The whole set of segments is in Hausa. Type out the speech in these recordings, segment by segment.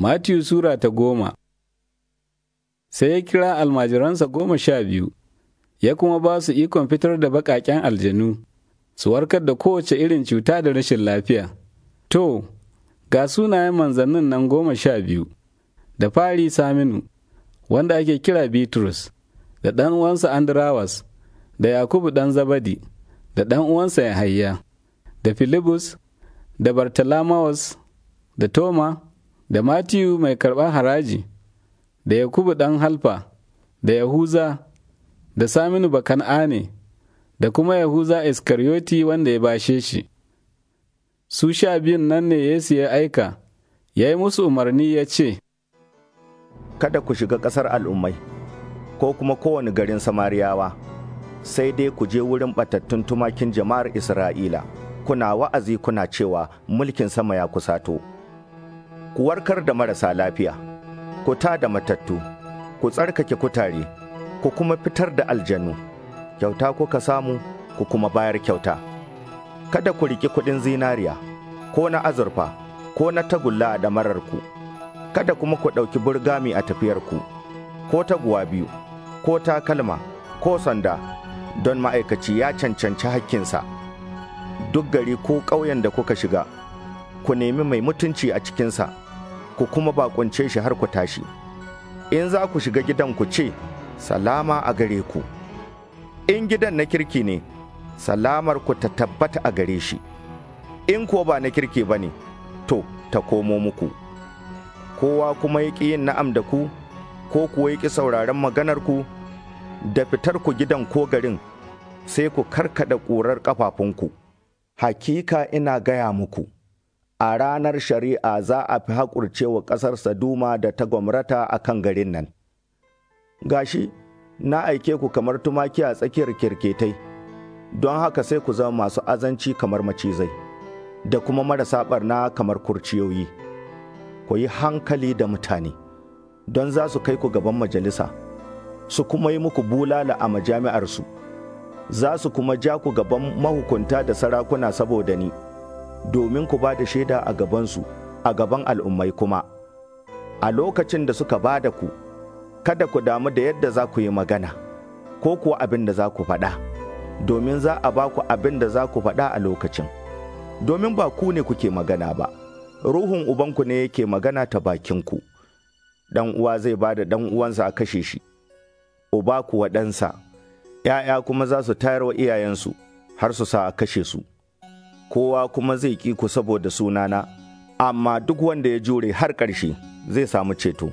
Matiyu Sura ta goma Sai ya kira almajiransa goma sha biyu, ya kuma ba su ikon fitar da baƙaƙen aljanu, su warkar da kowace irin cuta da rashin lafiya. To, ga sunayen manzannin nan goma sha biyu, da fari Saminu, wanda ake kira Bitrus, da ɗan uwansa Andrawas, da Yakubu ɗan Zabadi, da ɗan uwansa Yahaya, da Filibus, da Bartalamawas, da Toma, da Matiyu mai karɓar haraji, da Yakubu ɗan Halfa, da Yahuza, da Saminu Bakan'ane, da kuma Yahuza Iskariyoti wanda ya bashe shi. Su sha biyun nan ne Yesu ya aika, ya yi musu umarni ya ce, Kada ku shiga ƙasar al'ummai, ko kuma kowane garin Samariyawa, sai dai ku je wurin ɓatattun tumakin jama'ar Isra'ila, kuna wa'azi kuna cewa mulkin sama ya kusato. ku warkar da marasa lafiya, ku ta da matattu, ku tsarkake kutare, ku kuma fitar da aljanu, kyauta kuka samu, ku kuma bayar kyauta. Kada ku riƙi kuɗin zinariya, ko na azurfa, ko na tagulla a ɗamararku, kada kuma ku ɗauki burgami a tafiyarku, ko taguwa biyu, ko takalma, ko sanda, don ma'aikaci ya cancanci hakkinsa. Duk gari ko ƙauyen da kuka shiga. ku nemi mai mutunci a cikinsa, ku kuma bakunce shi har ku tashi. In za ku shiga gidan ku ce, Salama a gare ku. In gidan na kirki ne, salamar ku ta tabbata a gare shi. In ko ba na kirki ba ne, to, ta komo muku. Kowa kuma ya ƙi yin na'am da ku, ko kuwa ya ƙi sauraron maganar ku, da fitar ku gidan ko garin, sai ku karkada ƙurar ƙafafunku. Hakika ina gaya muku. a ranar shari'a za a fi haƙurce wa ƙasar Saduma da ta gwamrata a kan garin nan. Gashi, na aike ku kamar tumaki a tsakiyar kirketai, don haka sai ku zama masu azanci kamar macizai, da kuma marasa ɓarna kamar kurciyoyi. Ku yi hankali da mutane, don za su kai ku gaban majalisa, su kuma yi muku bulala a majami'arsu, za su kuma ja ku gaban mahukunta da sarakuna saboda ni. domin ku ba da shaida a gabansu, a gaban al'ummai kuma. A lokacin da suka ba da ku, kada ku damu da yadda za ku yi magana, ko kuwa abin da za ku faɗa, domin za a ba ku abin da za ku faɗa a lokacin. Domin ba ku ne kuke magana ba, Ruhun Ubanku ne yake magana ta bakinku. Ɗan uwa zai ba da ɗan uwansa a kashe shi, uba kuwa ɗansa, ‘ya'ya kuma za su tayar wa iyayensu har su sa a kashe su. kowa kuma zai ƙi ku saboda sunana, amma duk wanda ya jure har ƙarshe zai samu ceto.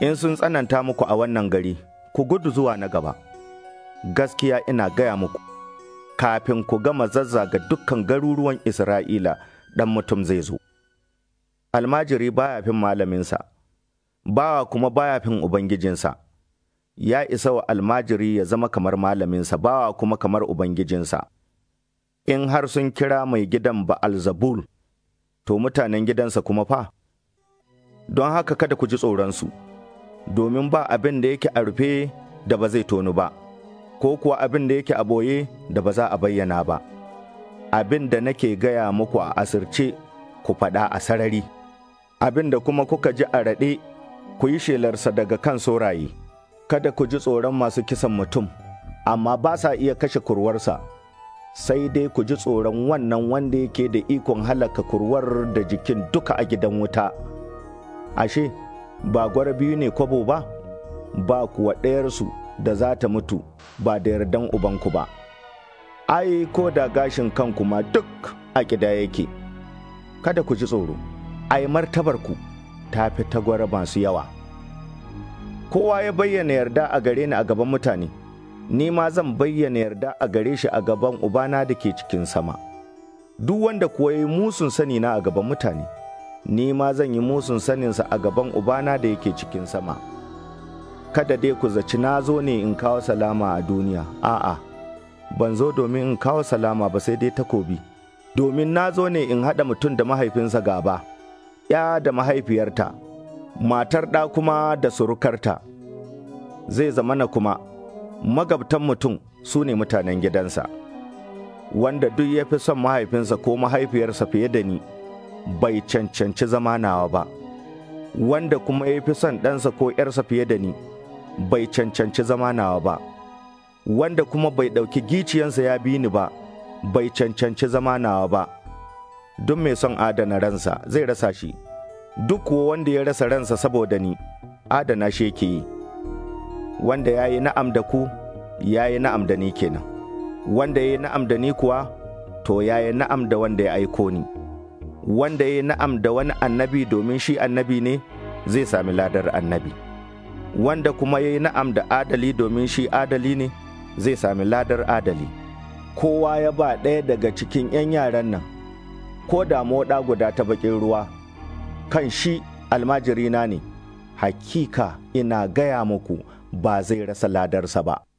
In sun tsananta muku a wannan gari, ku gudu zuwa na gaba. Gaskiya ina gaya muku, kafin ku gama ga dukkan garuruwan Isra'ila ɗan mutum zai zo. Almajiri baya fin malaminsa, bawa kuma baya fin Ubangijinsa. ya isa wa almajiri ya zama kamar malaminsa bawa kuma kamar ubangijinsa. in har sun kira mai gidan Ba'alzabul, to mutanen gidansa kuma fa, don haka kada ku ji tsoronsu, domin ba abin da yake a rufe da ba zai tonu ba, ko kuwa abin da yake a boye da ba za a bayyana ba. Abin da nake gaya muku a asirce ku faɗa a sarari, abin da kuma kuka ji a raɗe ku yi shelarsa daga kan sauraye, kada ku ji tsoron masu kisan mutum, amma ba sa iya kashe kurwarsa. sai dai ku ji tsoron wannan wanda yake da ikon halaka kurwar da jikin duka a gidan wuta. Ashe, ba gwara biyu ne kwabo ba, ba kuwa ɗayarsu da za ta mutu ba da yardan ubanku ba. Ai, ko da gashin kanku ma duk a gida yake. Kada ku ji tsoro, ai martabarku ta fi ta gwara masu yawa. Kowa ya bayyana yarda a gare ni a gaban mutane. ni ma zan bayyana yarda a gare shi a gaban Ubana da ke cikin sama. Duk wanda kuwa yi musun sani na a gaban mutane, ni ma zan yi musun saninsa a gaban Ubana da yake cikin sama. Kada dai ku zaci na zo ne in kawo salama a duniya, a'a, ban zo domin in kawo salama ba sai dai takobi, domin na zo ne in haɗa mutum da mahaifinsa gaba, ya da mahaifiyarta, matar ɗa kuma da surukarta. Zai zama na kuma. magabtan mutum su ne mutanen gidansa wanda duk ya fi son mahaifinsa ko mahaifiyarsa fiye da ni bai cancanci zama nawa ba wanda kuma ya fi son ɗansa ko ‘yarsa fiye da ni bai cancanci zama nawa ba wanda kuma bai ɗauki giciyansa ya bi ni ba bai cancanci zama nawa ba duk mai son adana ransa zai rasa shi duk kuwa wanda ya rasa ransa saboda ni adana shi yake yi wanda ya yi na'am da ku ya yi na'am da ni kenan wanda ya yi na'am da ni kuwa to ya yi na'am da wanda ya aiko ni wanda ya yi na'am da wani annabi domin shi annabi ne zai sami ladar annabi wanda kuma ya yi na'am da adali domin shi adali ne zai sami ladar adali kowa ya ba ɗaya daga cikin 'yan yaran nan ko da moɗa guda ta baƙin ruwa kan shi almajirina ne hakika ina gaya muku ba zai rasa ladarsa ba.